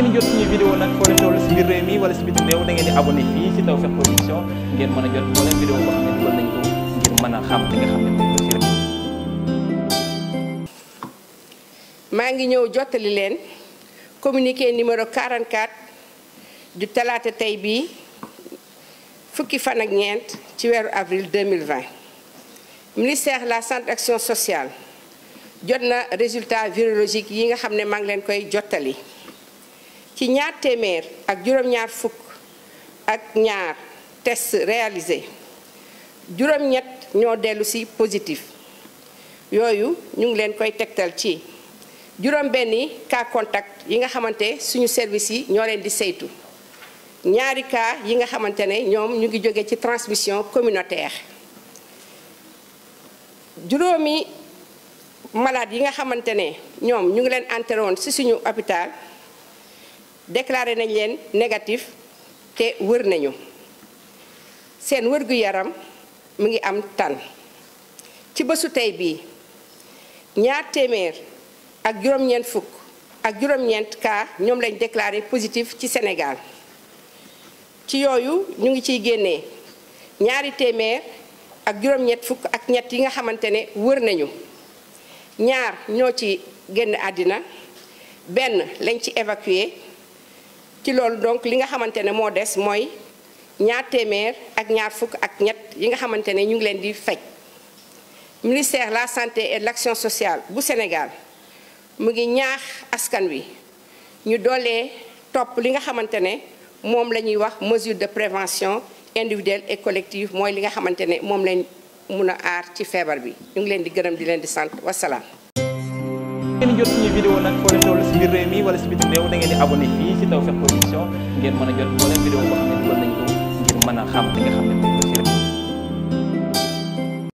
a jot moo leen vidéo boo maa ngi ñëw jottali leen communiqué numéro 44 du talaata tey bii fukki fan ak ñeent ci weeru avril 2020 ministère la santé action sociale jot na résultat virologique yi nga xam ne maa ngi leen koy jottali. ci ñaar téeméer ak juróom-ñaar fukk ak ñaar test réalisé juróom-ñett ñoo dellu si positif yooyu ñu ngi leen koy tegtal ci juróom-benni cas contact yi nga xamante suñu service yi ñoo leen di saytu ñaari cas yi nga xamante ne ñoom ñu ngi jóge ci transmission communautaire juróomi malade yi nga xamante ne ñoom ñu ngi leen enteré woon si suñu hôpital déclaré nañ leen négatif te wër nañu seen wërgu yaram mu ngi am tan ci bésu tey bii ñaar téeméer ak juróom-ñeent fukk ak juróom-ñeent cas ñoom lañ déclaré positif ci Sénégal ci yooyu ñu ngi ciy génnee ñaari téeméer ak juróom-ñett fukk ak ñett yi nga xamante ne wër nañu ñaar ñoo ci génn àddina benn lañ ci évacué ci loolu donc li nga xamante ne moo des mooy ñaar téeméer ak ñaar fukk ak ñett yi nga xamante ne ñu ngi leen di faj ministère la santé et l'action sociale bu Sénégal mu ngi ñaax askan wi ñu doolee topp li nga xamante ne moom la ñuy wax mesure de prévention individuelle et collective mooy li nga xamante ne moom lañ mun a aar ci feebar bi ñu ngi leen di gërëm di leen di sant wasalaam. ngeen jot suñu vidéo nag foo leen toll si biir réew mi wala si biti réew da ngeen di abonné fii si Tawfekh ngeen mën a jot moo leen vidéo boo a xam